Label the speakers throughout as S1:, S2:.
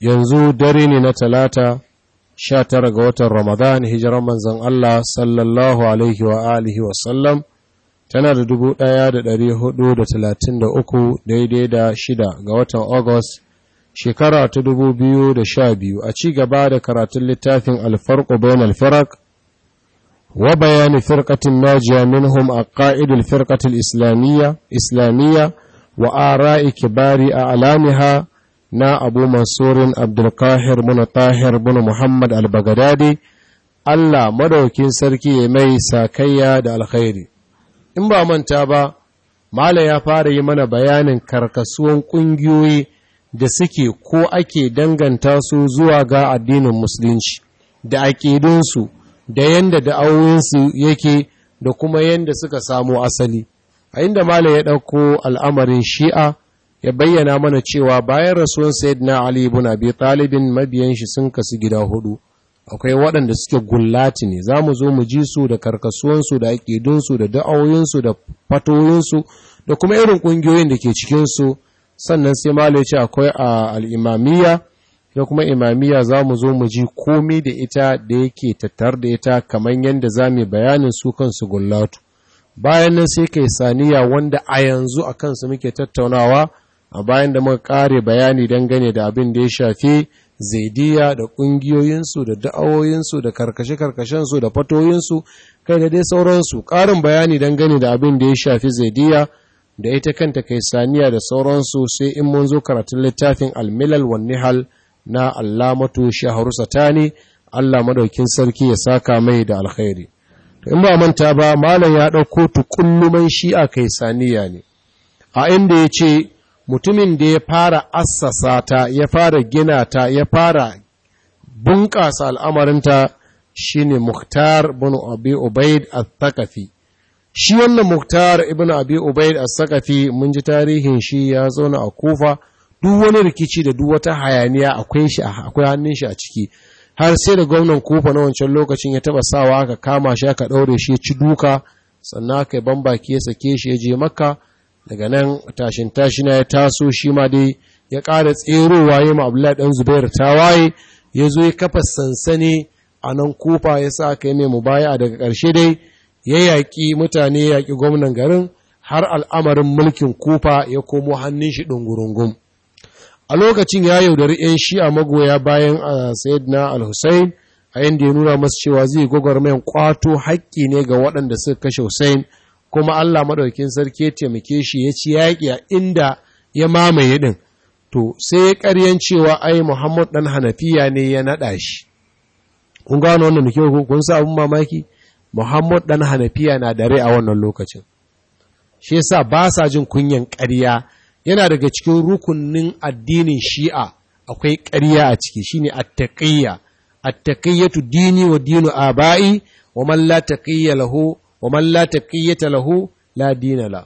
S1: yanzu dare ne na talata sha tara ga watan ramadan hijiran Manzon Allah sallallahu alaihi wa alihi tana da dubu ɗaya da ɗari hudu da talatin da uku daidai da shida ga watan agus shekara ta dubu biyu da sha biyu a ci gaba da karatun littafin alfarko bayan alfarak wa bayani firkatin najiya minhum a ƙa'idul firkatul islamiyya wa ara'i kibari a alamiha na abu mansurin abdulkahir muna tahir muna muhammad al allah madaukin sarki ya mai sakayya da alkhairi in ba manta ba mala ya fara yi mana bayanin karkasuwan ƙungiyoyi da suke ko ake danganta su zuwa ga addinin musulunci da aƙidunsu da yadda da'awoyinsu yake da kuma yadda suka samo asali a inda mala ya ɗauko al'amarin shi'a ya bayyana mana cewa bayan rasuwan sayyidina ali ibn biyu, talibin mabiyan shi sun kasu gida hudu akwai waɗanda suke gullati ne za mu zo mu ji su da karkasuwansu da aƙidunsu da da'awoyinsu da fatoyinsu da kuma irin ƙungiyoyin da ke cikinsu sannan sai malo ce akwai a al'imamiyya da kuma imamiyya za mu zo mu ji komai da ita da yake tattar da ita kamar yadda za mu bayanin su kansu gullatu bayan nan sai kai saniya wanda a yanzu a kansu muke tattaunawa a bayan da muka kare bayani dangane da abin da ya shafi zaidiya da ƙungiyoyinsu da da'awoyinsu da karkashe-karkashensu da fatoyinsu kai da dai sauransu ƙarin bayani dangane da abin da ya shafi zaidiya da ita kanta kai saniya da sauransu sai in mun zo karatun littafin almilal wa hal na allamatu shaharu satani allah madaukin sarki ya saka mai da alkhairi in ba manta ba malam ya ɗauko tukulluman shi'a saniya ne a inda ya ce mutumin da ya fara assasa ta ya fara gina ta ya fara bunƙasa al'amarinta ne Muktar bin Abi Ubaid al-Thaqafi shi wannan Muktar ibn Abi Ubaid al-Thaqafi mun ji tarihin shi ya zauna a Kufa duk wani rikici da duk wata hayaniya akwai shi hannun shi a ciki har sai da gwamnan Kufa na wancan lokacin ya taba sawa aka kama shi aka daure shi ya ci duka sannan aka bambaki ya sake shi ya je Makka daga nan tashin tashina ya taso shi ma dai ya ƙara tserowa ya ma'abula ɗan Zubairu" ta waye, ya zo ya kafa sansani a nan kofa ya sa aka yi mai mubaya daga ƙarshe dai ya yaƙi mutane ya yaƙi gwamnan garin har al'amarin mulkin kofa ya komo hannun shi ɗungurungun a lokacin ya yaudari 'yan shi a magoya bayan a sayyidina al-hussein a yadda ya nuna masu cewa zai gwagwarmayan ƙwato haƙƙi ne ga waɗanda suka kashe hussein kuma Allah maɗaukin sarki ya taimake shi ya ci yaƙi a inda ya mamaye ɗin to sai ya ƙaryan cewa ai Muhammad ɗan Hanafiya ne ya naɗa shi kun gano wannan da kyau kun sa abin mamaki Muhammad ɗan Hanafiya na da rai a wannan lokacin shi yasa ba sa jin kunyan ƙarya yana daga cikin rukunin addinin Shi'a akwai ƙarya a ciki shine at-taqiyya at-taqiyyatu dini wa dinu abai wa man la taqiyya lahu wa man la taqiyata lahu la dinala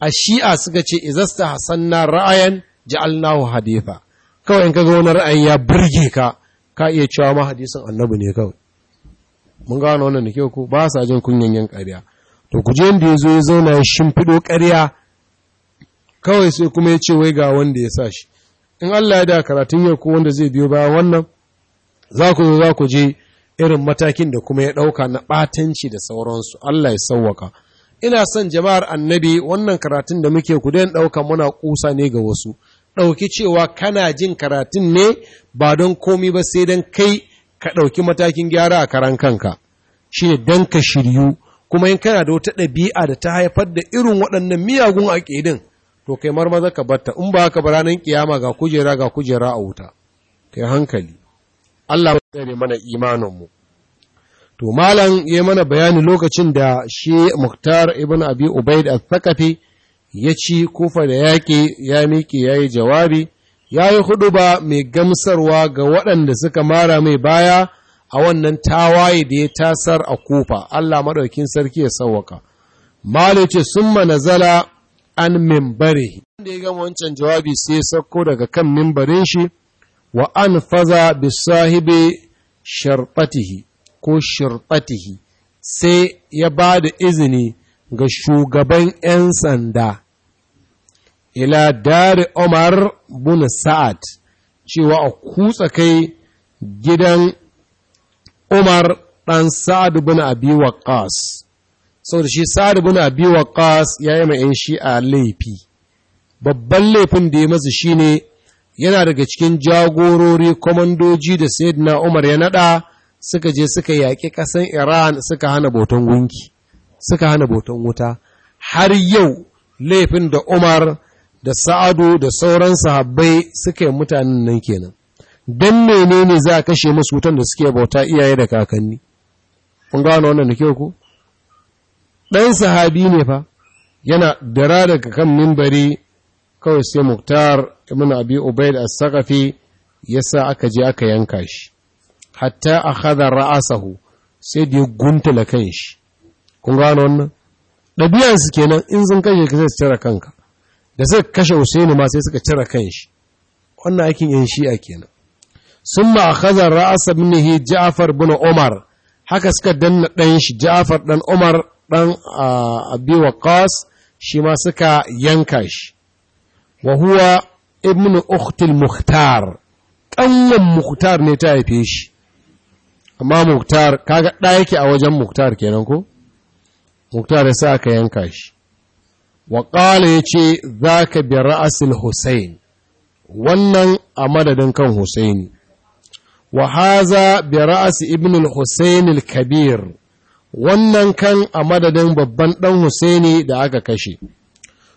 S1: a shi'a suka ce izasta hasanna ra'ayan ja'alnahu hadifa kawai in ka ga wani ra'ayi ya burge ka ka iya cewa ma hadisin annabi ne kawai mun gano wannan da ko ba sa jin kunyan yan ƙarya to ku je inda yazo ya zauna ya shimfido ƙarya kawai sai kuma ya ce wai ga wanda ya sa shi in Allah ya da karatun yau ko wanda zai biyo bayan wannan za ku zo za ku je irin matakin da kuma ya ɗauka na ɓatanci da sauransu Allah ya sauwaka ina son jama'ar annabi wannan karatun da muke ku dan ɗauka muna ƙusa ne ga wasu ɗauki cewa kana jin karatun ne ba don komi ba sai don kai ka ɗauki matakin gyara a karan kanka shi ne don ka shiryu kuma in kana da wata ɗabi'a da ta haifar da irin waɗannan miyagun aƙidin to kai marmaza ka batta in ba haka ba ranar kiyama ga kujera ga kujera a wuta kai hankali Allah ya mana imaninmu. To, Malam ya mana bayani lokacin da shi Muktar ibn Abi Ubaid al-Thakafi ya ci kufa da yaƙi ya miƙe ya yi jawabi, ya yi ba mai gamsarwa ga waɗanda suka mara mai baya a wannan tawaye da ya tasar a kufa, Allah maɗaukin sarki ya sauwaka. Malam ce, sun zala an mimbare. Wanda ya gama wancan jawabi sai ya sauko daga kan mimbarin shi, wa an faza bisahibi sharɓatihi ko shirɓatihi sai ya ba da izini ga shugaban ‘yan sanda ila dare Omar bin Sa'ad cewa a kutsa kai gidan Umar dan Sa'ad bin Abi Waqqas. Saboda shi Sa'ad bin Abi ya yi ma'in shi a laifi, babban laifin da ya masu shi ne yana daga cikin jagorori kwamandoji da sayyidina umar ya nada suka je suka yaƙi ƙasan iran suka hana boton gunki suka hana boton wuta har yau laifin da umar da sa'adu da sauran sahabbai suka yi mutanen nan kenan don menene za a kashe musu wutan da suke bauta iyaye da kakanni kun gano wannan da kyau ku? ɗan sahabi ne fa yana dara daga kan mimbari kawai sai muktar ibn abi ubaid as-saqafi yasa aka je aka yanka shi hatta akhadha ra'asahu sai da ya guntula kanshi kun gano wannan dabiyan su kenan in sun kashe ka sai su cire kanka da suka kashe Usaini ma sai suka cire kanshi wannan aikin yan a kenan summa akhadha ra'as ibnihi Ja'far ibn Umar haka suka danna dan shi Ja'far dan Umar dan ah, Abi Waqqas shi ma suka yanka shi Wahuwa huwa ibnu ukhtil muhtar Muktar ne ta haife shi amma Muktar kaga ɗa yake a wajen Muktar kenan ko Muktar ya sa aka yanka shi wa ƙala ya ce za ka bi ra'asil Hussein, wannan a madadin kan Husaini. wa haza bi ra'asi ibn Hussein kabir wannan kan a madadin babban ɗan Husaini da aka kashe.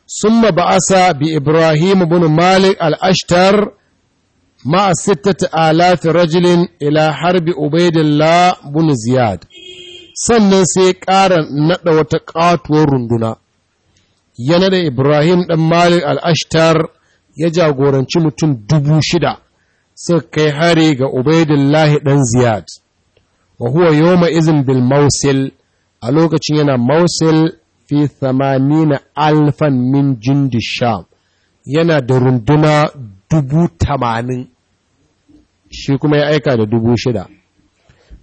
S1: summa ba'asa bi Ibrahim ibn Malik al-Ashtar ma'a sittata alafi rajulin ila harbi Ubaidillah ibn Ziyad sannan sai ƙara naɗa wata ƙatuwar runduna ya naɗa Ibrahim ɗan Malik al-Ashtar ya jagoranci mutum dubu shida suka kai hari ga Ubaidillahi ɗan Ziyad, wa huwa yoma izin bil Mausil a lokacin yana Mausil fi thamanina alfan min jindi sham yana da runduna dubu tamanin shi kuma ya aika da dubu shida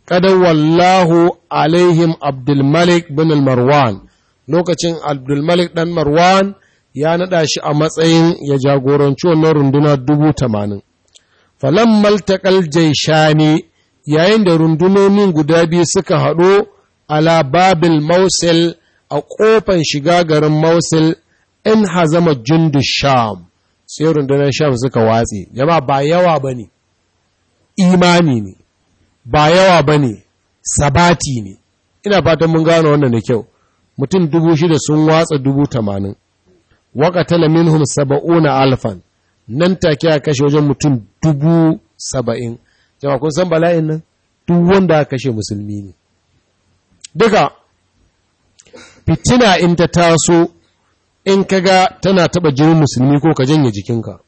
S1: ƙadar wallahu alaihim abdulmalik bin marwan lokacin abdulmalik ɗan marwan ya naɗa shi a matsayin ya jagoranci wannan runduna dubu tamanin falon maltakal jaishani yayin da rundunonin guda biyu suka haɗo ala babil mausil a ƙofan shiga garin mausil in hazama jundu Sham sai rundunar Sham suka watse jama ba yawa ba ne imani ne ba yawa ba ne sabati ne ina fatan mun gano wannan da kyau mutum dubu shida sun watsa dubu tamanin waƙatala minhum saba'una alfan nan take a kashe wajen mutum dubu saba'in jama kun san bala'in nan duk wanda a kashe musulmi ne duka fitina in ta taso in ka ga tana taba jinin musulmi ko ka janye jikinka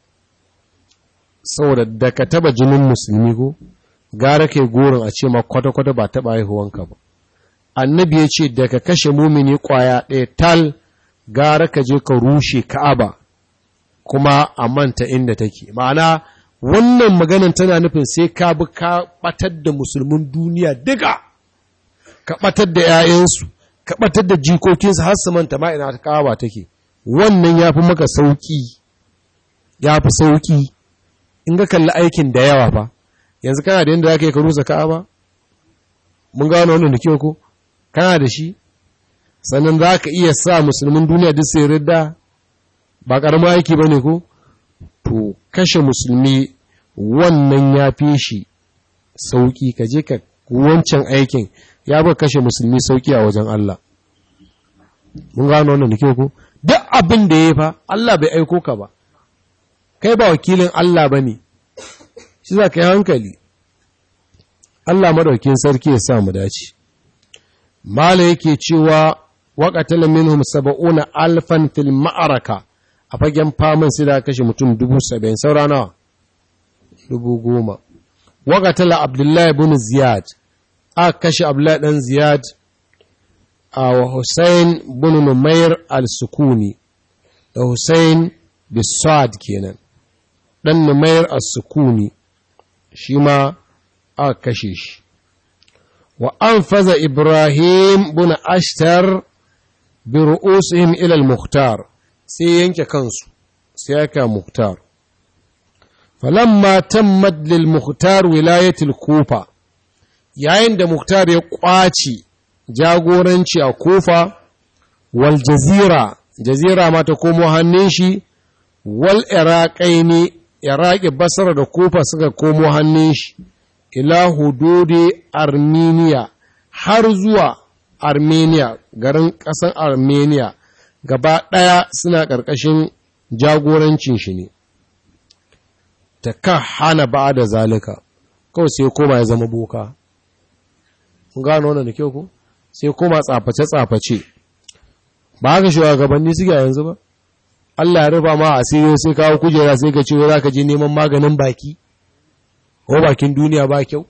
S1: saboda da ka taba jinin musulmi ko gara kai gorin a ce ma kwata-kwata ba taba haihuwanka ba annabi ya ce da ka kashe mumini kwaya ɗaya tal gara ka je ka rushe ka'aba kuma a manta inda take ma'ana wannan maganan tana nufin sai ka bi ka batar da musulmin duniya duka ka ɓatar da 'ya'yansu ka da jikokinsa har su manta ma ina kawawa take wannan ya fi maka sauki ya fi sauki in ga kalli aikin da yawa fa yanzu kana da yadda za ka yi ka ka'aba mun gano wannan da kyau ko kana da shi sannan za ka iya sa musulmin duniya duk sai ridda ba ƙaramin aiki ba ne ko to kashe musulmi wannan ya fi shi sauƙi ka je ka wancan aikin ya ba kashe musulmi sauki a wajen Allah mun gano wannan da ku duk abin da ya fa Allah bai aiko ka ba kai ba wakilin Allah ba ne shi za ka yi hankali Allah madaukin sarki ya sa mu dace mala yake cewa waƙatala minhum saba'una alfan fil ma'araka a fagen faman sai da kashe mutum dubu saba'in saura nawa dubu goma wagatala abdullahi bin ziyad aka kashe abdullahi dan ziyad a wa hussein bin numair al-sukuni da hussein bisad kenan dan numair al-sukuni shi ma aka kashe shi wa an faza ibrahim bin ashtar bi ru'usihim ila al-muhtar sai yanke kansu sai aka muhtar falamma matan lil Muktar wilayatul Kofa, yayin da Muktar ya kwace jagoranci a Kofa, wal jazira jazira ma ta komo hannun shi wal iraqaini iraqi basra da kofa suka komo hannun shi ila hududi armenia har zuwa armenia garin ƙasar armenia gaba ɗaya suna ƙarƙashin jagorancin shi ne ta ka hana ba da zalika kawai sai koma ya zama boka kun gano wannan da kyau ko sai koma tsaface-tsaface ba haka su suke yanzu ba Allah ya rufa ma asiri sai kawo kujera sai ka ce za ka je neman maganin baki ko bakin duniya ba kyau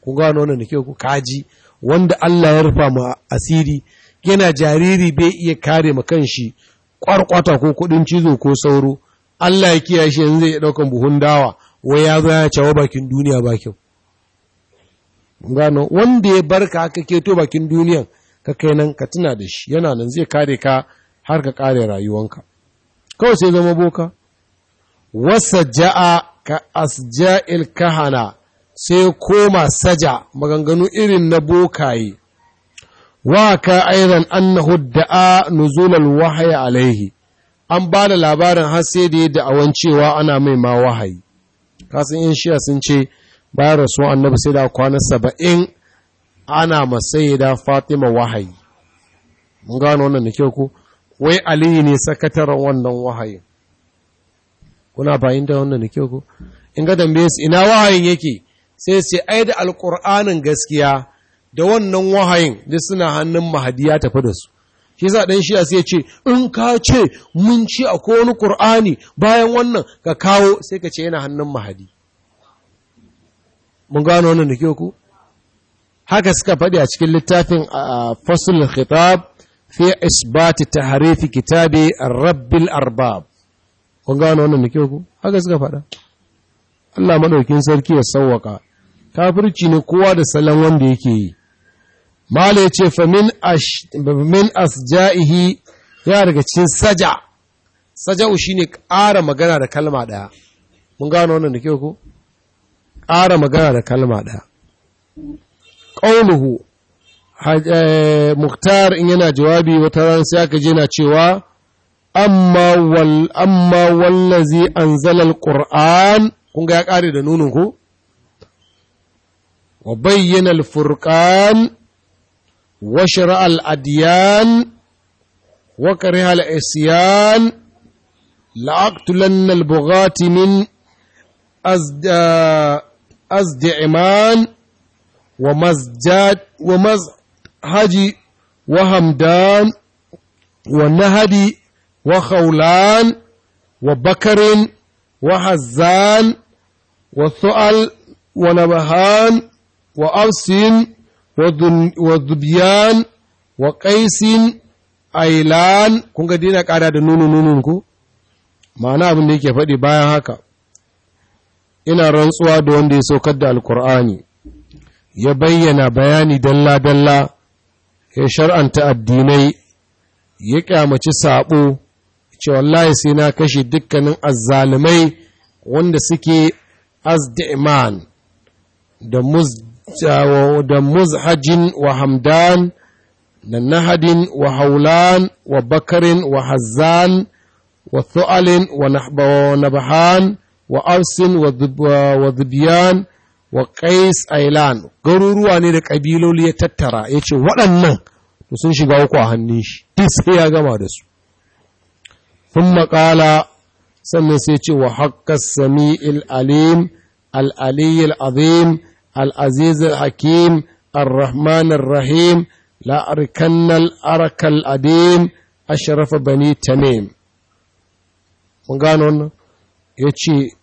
S1: kun gano wannan da kyau ko kaji wanda Allah ya rufa ma asiri yana jariri bai iya kare ma kanshi kwarkwata ko kudin cizo ko sauro Allah ya kiyaye shi yanzu zai ɗaukan buhun dawa wai ya zo ya cewa bakin duniya bakin gano wanda ya barka aka keto bakin duniya ka kai nan ka tuna da shi yana nan zai kare ka har ka kare rayuwanka kawai sai zama boka wasa ja'a ka asja'il kahana sai koma saja maganganu irin na bokaye wa ka aidan annahu da'a nuzulal wahyi alaihi an ba da labarin har sai da yadda a cewa ana mai ma wahayi kasan yan shiya sun ce bayan rasu annabi sai da kwanar saba'in ana masai da fatima wahayi mun gano wannan da kyau ku wai aliyu ne sakataren wannan wahayin kuna bayin da wannan da kyau ku in ga dambe su ina wahayin yake sai sai ai da alƙur'anin gaskiya da wannan wahayin duk suna hannun mahadiya ya tafi da su shi sa ɗan shiya sai ce in ka ce mun ci a wani ƙur'ani bayan wannan ka kawo sai ka ce yana hannun mahadi mun gano wannan da ke ku haka suka faɗi a cikin littafin a fasul khitab fi isbati tahrifi kitabi rabbil arbab kun gano wannan da ke ku haka suka faɗa Allah madaukin sarki ya sawwaka kafirci ne kowa da salon wanda yake yi mala ya ce famin ja’ihi ya daga cin saja saja'u shine ƙara magana da kalma ɗaya mun gano wannan da kyau ku. ƙara magana da kalma ɗaya Ƙaunuhu, eh, muktar in yana jawabi wata ran sai aka je na cewa amma wallan zai wallazi anzala alquran kun ga ya ƙari da nunanku? ku wa bayyana alfurqan وشرع الأديان وكره العصيان لأقتلن البغاة من أزد آه، أزد إيمان ومزجاد ومزهج وهمدان ونهد وخولان وبكر وحزان وثؤل ونبهان وأوس wa zubyan wa qaisin ailan kun ga dina ƙara da nunu nunun ku ma'ana abin da yake faɗi bayan haka ina rantsuwa da wanda ya saukar da alkur'ani ya bayyana bayani dalla-dalla ya shar'anta addinai ya kyamaci saɓo ce wallahi sai na kashe dukkanin azzalumai wanda suke azdiman da da muzhajin wa hamdan da nahadin wa haulan wa bakarin wa hazan wa thu'alin wa nabahan wa arsin wa zubiyan wa qais ailan garuruwa ne da ƙabiloli ya tattara ya ce waɗannan sun shiga uku a hannun shi duk sai ya gama da su sun maƙala sannan sai ce wa haƙƙas sami'il alim al'aliyyar azim العزيز الحكيم الرحمن الرحيم لا أركن الأرك الأديم أشرف بني تميم mun gano wannan ya ce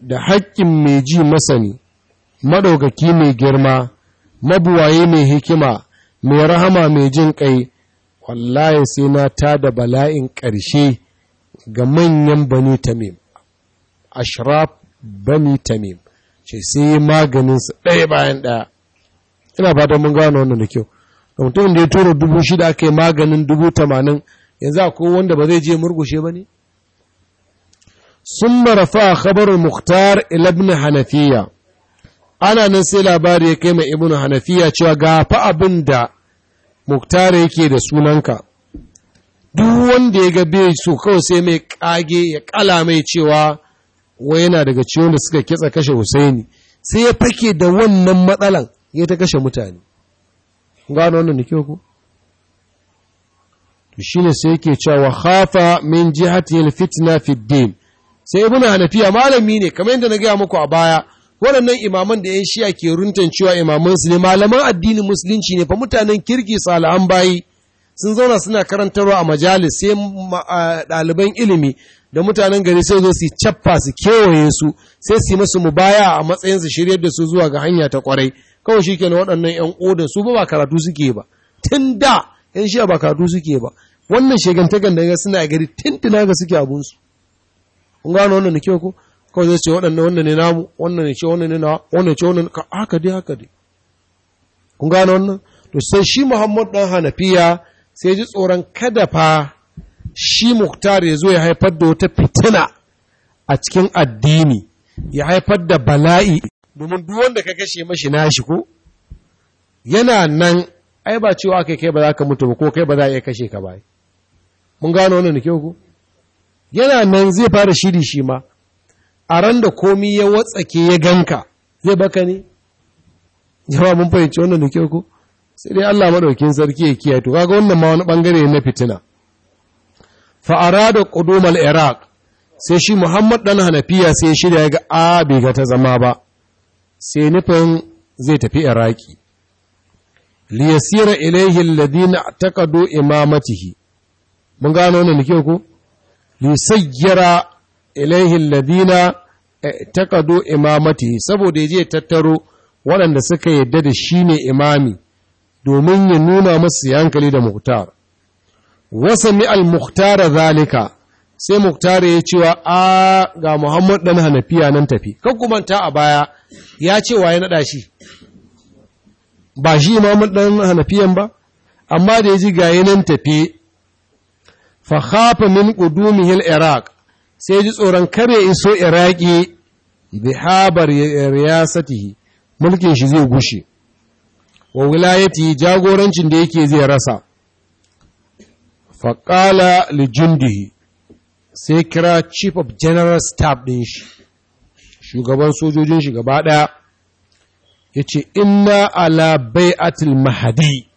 S1: da haƙƙin mai ji masani maɗaukaki mai girma mabuwaye mai hikima mai rahama mai jin ƙai wallaye sai na ta da bala'in ƙarshe ga manyan bani tamim ashraf bani tamim ce sai maganin su ɗaya bayan ɗaya ina fatan mun gano wannan da kyau da mutumin da ya tura dubu shida aka yi maganin dubu tamanin yanzu ko wanda ba zai je murgushe ba ne sun marafa a khabarin muktar ilabni hanafiya ana nan sai labari ya kai mai ibn hanafiya cewa ga fa abin da muktar yake da sunanka duk wanda ya ga bai so kawai sai mai kage ya kala mai cewa wai yana daga ciwon da suka kitsa kashe Hussaini sai ya fake da wannan matsalan ya ta kashe mutane gano wannan nake ku to shi ne sai yake cewa khafa min jihati al-fitna fi din sai ibn hanafiya malami ne kamar yadda na gaya muku a baya waɗannan imaman da 'yan shiya ke runtan cewa su ne malaman addinin musulunci ne fa mutanen kirki salihan bayi sun zauna suna karantarwa a majalis sai ɗaliban ilimi da mutanen gari sai zo su cappa su kewaye su sai su yi musu mubaya a matsayin su shiryar da su zuwa ga hanya ta kwarai kawai shikenan waɗannan ƴan odan su ba karatu suke ba tun da yan shiya ba karatu suke ba wannan shegantagan da ga suna gari tuntuna ga suke abun su kun gano wannan da kyau ko kawai zai ce waɗannan wannan ne namu wannan ne ce wannan ne na wannan ce wannan ka haka dai haka dai kun gano wannan to sai shi Muhammad dan Hanafiya sai ji tsoron kada fa shi muktar ya zo ya haifar da wata fitina a cikin addini ya haifar da bala'i domin duk ka kashe mashi nashi ko yana nan ai ba cewa kai kai ba za ka mutu ba ko kai ba za a kashe ka bai mun gano wannan da kyau ko yana nan zai fara shiri shi ma a ran da komi ya watsake ya ganka zai baka ne jama mun fahimci wannan da kyau ko sai dai Allah madaukin sarki ya kiyaye to kaga wannan ma wani bangare na fitina fa'arada ƙudumar iraq sai shi muhammad ɗan hanafiya sai da ya ga a bai ga ta zama ba sai nufin zai tafi iraki liyasira ilaihi alladhina taqadu imamatihi mun gano ne nake ku lisayyara ilaihi alladhina taqadu imamatihi saboda yaje tattaro waɗanda suka yadda da shi ne imami domin ya nuna masu yankali da muhtar wasa mi al-muktara zalika sai muktara ya cewa a ga muhammad dan hanafiya nan tafi kan a baya ya ce wa ya naɗa shi ba shi Muhammad dan hanafiyan ba amma da ya ji ga nan tafi fa khafa min qudumihil iraq sai ji tsoron kare iso iraki bihabar riyasatihi mulkin shi zai gushe wa wilayati jagorancin da yake zai rasa faƙala Lijindihi, sai kira chief of general staff ɗin shi shugaban sojojin shi gaba ɗaya ya ce inna ala bai'atil mahadi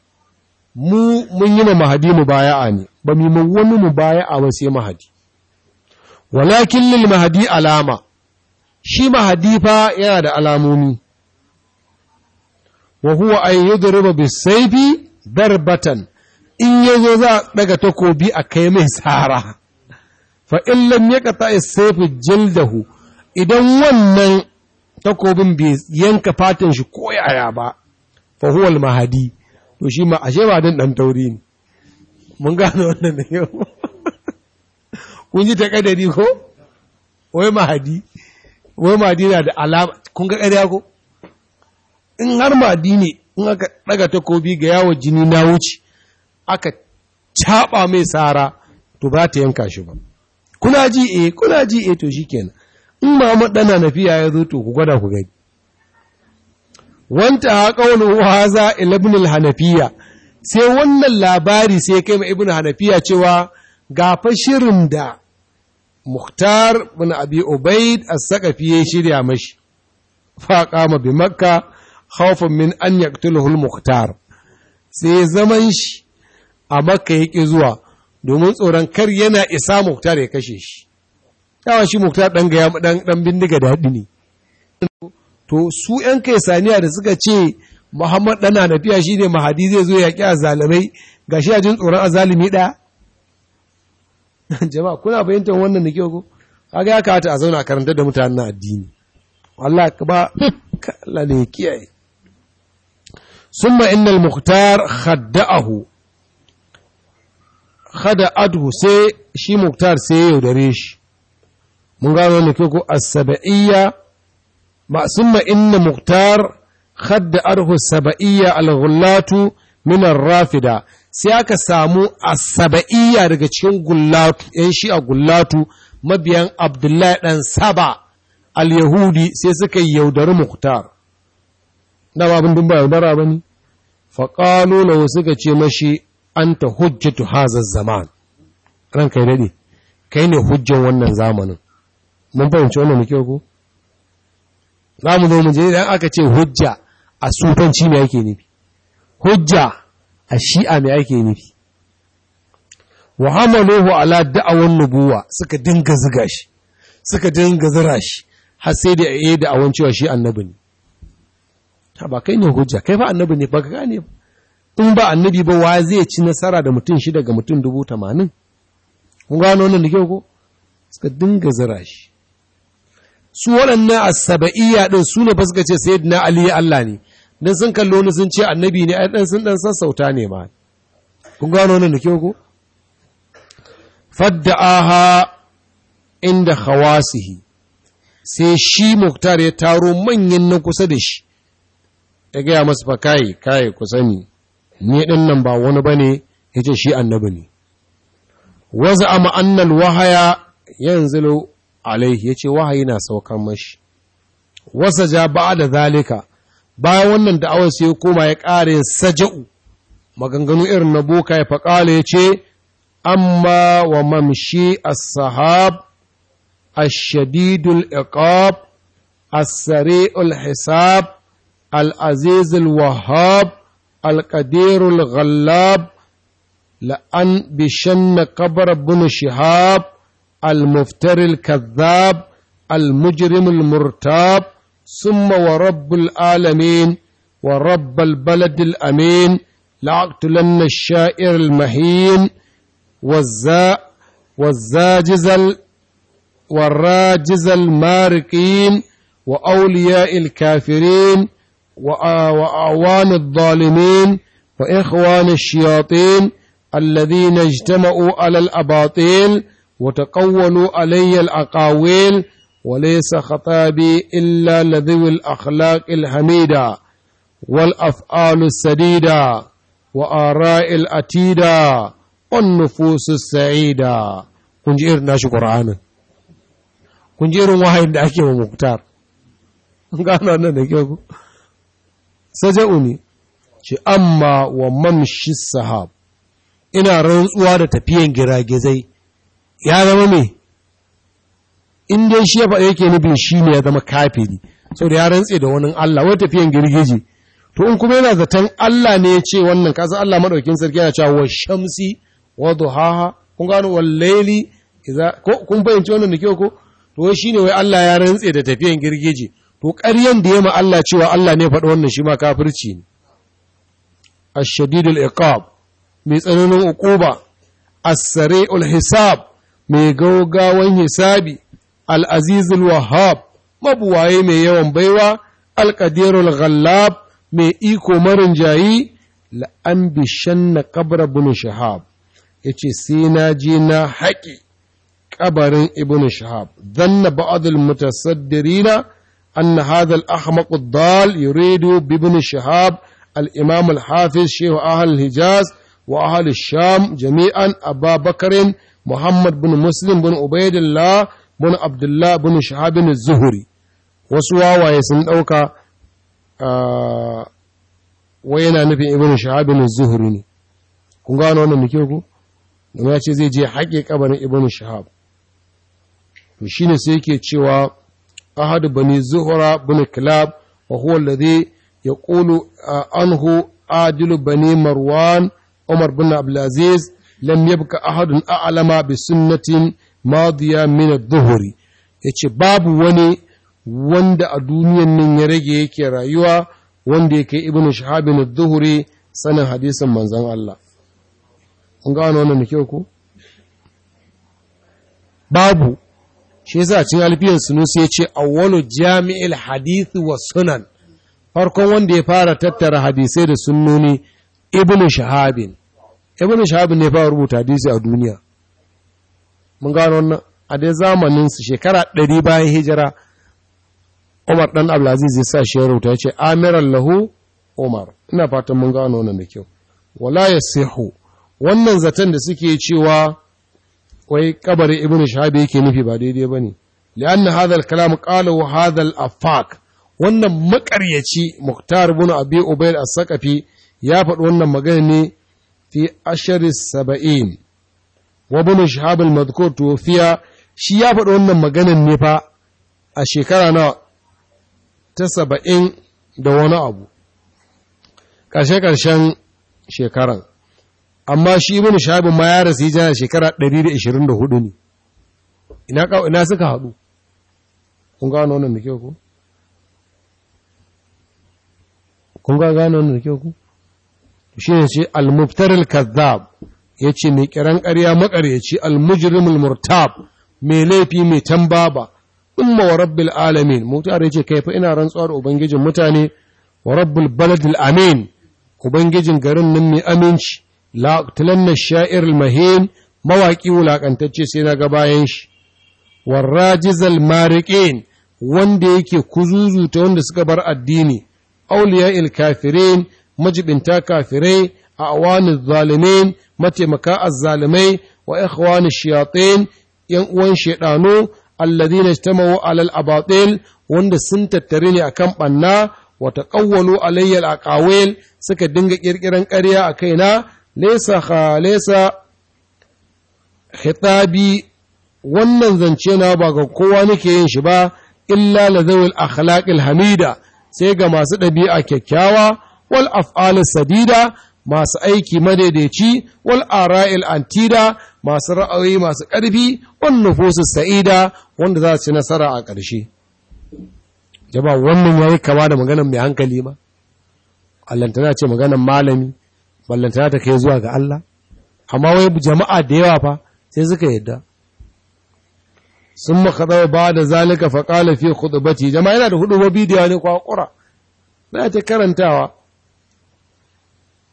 S1: mu mun yi ma mahadi mu a ne ba mu yi wani mu a ba sai mahadi walakin lil mahadi alama shi mahadi fa yana da alamomi wa huwa an yudriba bisayfi darbatan in ya zo za a daga takobi a kai mai tsara fa illan ya kata isaifu jildahu idan wannan takobin bai yanka fatan shi ko yaya ba fa huwal mahadi to shi ma ashe ba dan dan tauri ne mun gane wannan da yau kun ji ta kadari ko wai mahadi wai mahadi na da alama kun ga ƙarya ko in har mahadi ne in aka daga takobi ga yawo jini na wuce aka caɓa mai tsara to ba ta yanka shi ba kuna ji e kuna ji e to shikenan in ma Muhammad dana nafiya ya zo to ku gwada ku gani wanta qawlu haza ibn al-hanafiya sai wannan labari sai kai ma ibn hanafiya cewa ga fa shirin da Muhtar bin Abi Ubaid as-Saqafi ya shirya mashi fa qama bi Makka khawfan min an yaqtuluhu al-Muhtar sai zaman shi a makka ya ƙi zuwa domin tsoron kar yana isa muktar ya kashe shi yawa shi muktar ɗan gaya ɗan bindiga daɗi ne to su ‘yan kai saniya da suka ce muhammad na fiya shi ne mahadi zai zo yaƙi a zalimai ga shi a jin tsoron a zalimi ɗaya jama'a kuna fahimtar wannan da kyau ko kaga ya kawata a zauna a karanta da mutanen addini Allah ka ba Allah ne kiyaye summa innal muhtar khadda'ahu hada adhu sai shi muktar sai ya yaudare shi mun gano ne ko as-sab'iyya ma'summa inna muktar hadda adhu as-sab'iyya al-ghullatu min ar-rafida sai aka samu as-sab'iyya daga cikin gullatu yan shi a gullatu mabiyan abdullahi dan saba al-yahudi sai suka yaudari muktar da ba abin dun ba yaudara bane faqalu law suka ce mashi anta hujjatu hazar zaman ranka kai daɗe kai ne hujjan wannan zamanin mun fahimci wannan muke ku za mu zo mu je idan aka ce hujja a sufanci me ake nufi hujja a shi'a me ake nufi wa hamaluhu ala da'awan nubuwa suka dinga zuga shi suka dinga zira shi har sai da yayi da'awan cewa shi annabi ne ba kai ne hujja kai fa annabi ne ba ka gane ba in ba annabi ba wa zai ci nasara da mutum shi daga mutum dubu tamanin kun gano wannan da ko suka dinga zira shi su waɗannan asaba'iyya ɗin su ne ba suka ce na ali ya Allah ne dan sun kallo ni sun ce annabi ne ai dan sun dan sassauta ne ma kun gano wannan da ko fadda'aha inda khawasihi sai shi muktar ya taro manyan na kusa da shi ya gaya masu fa kai kai ku ni ɗin nan ba wani ba ne ya ce shi annabi ne waza a ma'annan wahaya yanzu alaihi ya ce wahayi na saukan mashi wasa ja ba da zalika bayan wannan da'awar sai ya koma ya ƙare saja'u maganganu irin na boka ya faƙala ya ce amma wa mamshi as-sahab ashadidul iqab as-sari'ul hisab al-azizul wahhab القدير الغلاب لأن بشن قبر بن شهاب المفتر الكذاب المجرم المرتاب ثم ورب العالمين ورب البلد الأمين لأقتلن الشائر المهين والزا والزاجز والراجز المارقين وأولياء الكافرين وأعوان الظالمين وإخوان الشياطين الذين اجتمعوا على الأباطيل وتقولوا علي الأقاويل وليس خطابي إلا لذوي الأخلاق الحميدة والأفعال السديدة وآراء الأتيدة والنفوس السعيدة كنجير ناش قرآن كنجير واحد أكيم مختار gano nan da kyau saja'u ne ce amma wa mamshi sahab ina rantsuwa da tafiyan giragizai ya zama me inda shi ya faɗa yake nufin shi ne ya zama kafiri saboda ya rantse da wani Allah wai tafiyan girgije to in kuma yana zaton Allah ne ya ce wannan kasa Allah madaukin sarki yana cewa wa shamsi wa duhaha kun gano wa laili kun fahimci wannan da kyau ko to wai shine wai Allah ya rantse da tafiyan girgije to ƙaryan da ya ma Allah cewa Allah ne faɗi wannan shi ma kafirci ne ash iqab mai tsananin uquba as hisab mai gaugawan hisabi al-azizul wahhab mabuwaye mai yawan baiwa al-qadirul ghallab mai iko marin jayi la'an bishan na ƙabar ibn shahab ya ce sai na je na haƙi ƙabarin ibn shahab zanna ba'adul mutasaddirina أن هذا الأحمق الضال يريد بابن شهاب الإمام الحافظ شيخ أهل الحجاز وأهل الشام جميعا أبا بكر محمد بن مسلم بن عبيد الله بن عبد الله بن شهاب الزهري وسوا ويسن دوكا آه وينا نبي ابن شهاب الزهري ne kun gano wannan nake ku da ya ce zai je haƙe kabarin ibn shahab to shine sai yake cewa أحد بني زهرة بن كلاب وهو الذي يقول عنه عادل بني مروان عمر بن عبد العزيز لم يبقى أحد أعلم بسنة ماضية من الظهر yace babu wani wanda a duniyan nan ya rage yake rayuwa wanda yake ibn shahabin ad-duhri sanin hadisin manzon Allah kun ga babu shi yasa cin alfiyar sunusi ya ce awwalu jami'il hadith wa sunan farkon wanda ya fara tattara hadisai da sunnoni ibnu shahabin ibnu shahabin ne fara rubuta hadisi a duniya mun gano wannan a dai zamanin su shekara ɗari bayan hijira Umar dan Abdulaziz ya sa shi ya rubuta yace amiran lahu Umar ina fatan mun gano wannan da kyau wala yasihu wannan zaton da suke cewa wai kabarin ibn shahabi yake nufi ba daidai ba ne li'anna hadha al-kalam qala wa hadha al wannan makaryaci muktar ibn abi ubayr as-saqafi ya faɗi wannan magana ne fi ashar saba'in wa ibn shahab al-madhkur tuwfiya shi ya faɗi wannan magana ne fa a shekara na ta saba'in da wani abu ƙarshe-ƙarshen shekaran amma shi ibn shahabin ma ya rasu hijira shekara 124 ne ina ina suka haɗu kun gano wannan da kyau ku kun ga gano wannan da kyau ku shi ne ce al-muftar al-kazzab ce mai kiran ƙarya makaryaci al al murtab mai laifi mai tambaba umma wa rabbil alamin mutar ce kai fa ina rantsuwa da ubangijin mutane wa rabbul baladil amin ubangijin garin nan mai aminci tilanna sha'ir mahin mawaƙi wulaƙantacce sai na ga bayan shi warrajizal mariƙin wanda yake kuzuzuta wanda suka bar addini auliya il kafirin majibinta kafirai a awanin zalimin mataimaka azzalimai wa ikhwani shayatin yan uwan shaɗano alladhina ijtamau alal abatil wanda sun tattare ne akan ɓanna wa taqawwalu alayyal alaqawil suka dinga ƙirƙiran ƙarya a kaina ليس khalisa خطابي wannan zance na ba ga kowa nake yin shi ba illa la zawil al hamida sai ga masu ɗabi'a kyakkyawa wal af'al sadida masu aiki madaidaici wal ara'il antida masu ra'ayi masu ƙarfi wan nufusu sa'ida wanda za su ci nasara a ƙarshe jaba wannan yayi kama da maganar mai hankali ma Allah tana ce maganar malami ballanta ta kai zuwa ga Allah amma wai jama'a da yawa fa sai suka yadda sun makaɗau ba da zalika faƙala fi khutbati jama'a yana da hudu da yawa ne kwakura na ta karantawa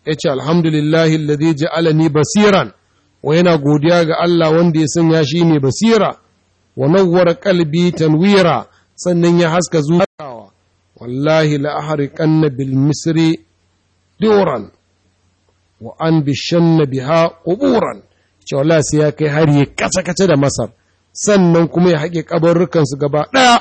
S1: yace ce alhamdulillahi alladhi ja'alani basiran wa yana godiya ga Allah wanda ya sanya shi ne basira wa nawwara qalbi tanwira sannan ya haska zuciyawa wallahi la ahriqanna bil misri duran wa an na biha quburan cewa Allah sai ya kai har ya kace kace da Masar sannan kuma ya haƙe kabarrukan su gaba ɗaya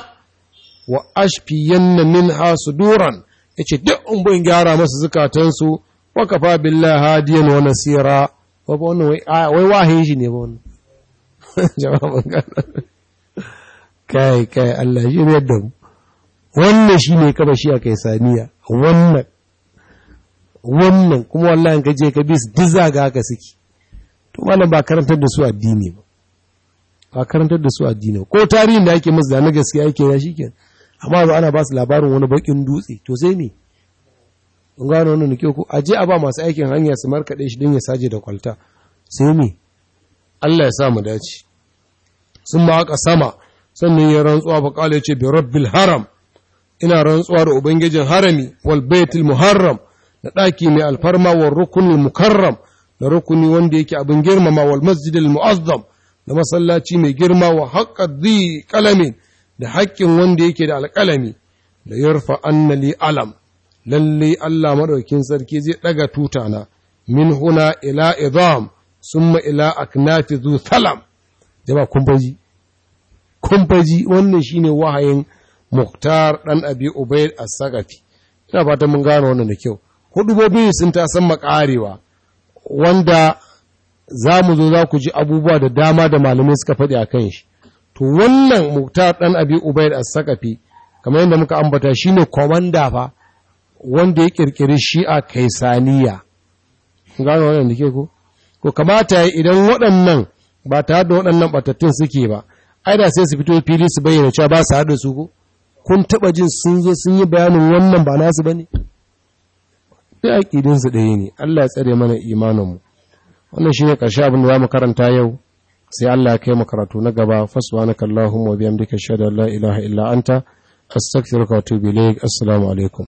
S1: wa ashfiyanna minha suduran yace duk umbun gyara masa zukatan su wa kafa billahi hadiyan wa nasira wa ba wannan wai wahayin shi ne ba wannan jama'a kai kai Allah shi ne da wannan shi ne kaba shi kai saniya wannan wannan kuma wallahi ka je ka bi su ga haka suke to malam ba karantar da su addini ba ba karantar da su addini ko tarihin da ake musu da na gaskiya ake ya kenan, amma ba ana ba su labarin wani bakin dutse to sai ne in gano wannan ke ko aje a ba masu aikin hanya su markade shi don ya saje da kwalta sai ne Allah ya sa mu dace sun ma aka sama sannan ya rantsuwa fa kala ce bi rabbil haram ina rantsuwa da ubangijin harami wal baitul muharram Na ɗaki mai alfarma wa rukuni mukarram na rukuni wanda yake abin girmama wal al mu'azzam da masallaci mai girma wa haƙƙar dhi qalamin da haƙƙin wanda yake da alƙalami da yarfa annali alam lalle Allah maɗaukin sarki zai ɗaga tutana min huna ila idam summa ila aknati zu salam jama kumfaji kumfaji wannan shine wahayin Muktar ɗan Abi ubayd as sagafi ina fatan mun gane wannan da kyau biyu sun ta san makarewa wanda za mu zo za ku ji abubuwa da dama da malamai suka faɗi a kan shi to wannan muktar ɗan abi ubaid sakafi kamar yadda muka ambata shi ne komanda fa wanda ya shi shi'a kaisaniya gano wannan ke ku. ko kamata idan waɗannan ba ta da waɗannan batattun suke ba ai da sai su fito fili su bayyana cewa ba su haɗa su ko kun taɓa jin sun zo sun yi bayanin wannan ba nasu ba ne sai aƙidinsu ɗaya ne Allah ya tsare mana imaninmu wannan ne ƙarshe abin da za mu karanta yau sai Allah ya kai mu karatu na gaba fasbanaka Allahumma wa bihamdika shada la ilaha illa anta astaghfiruka wa atubu assalamu alaikum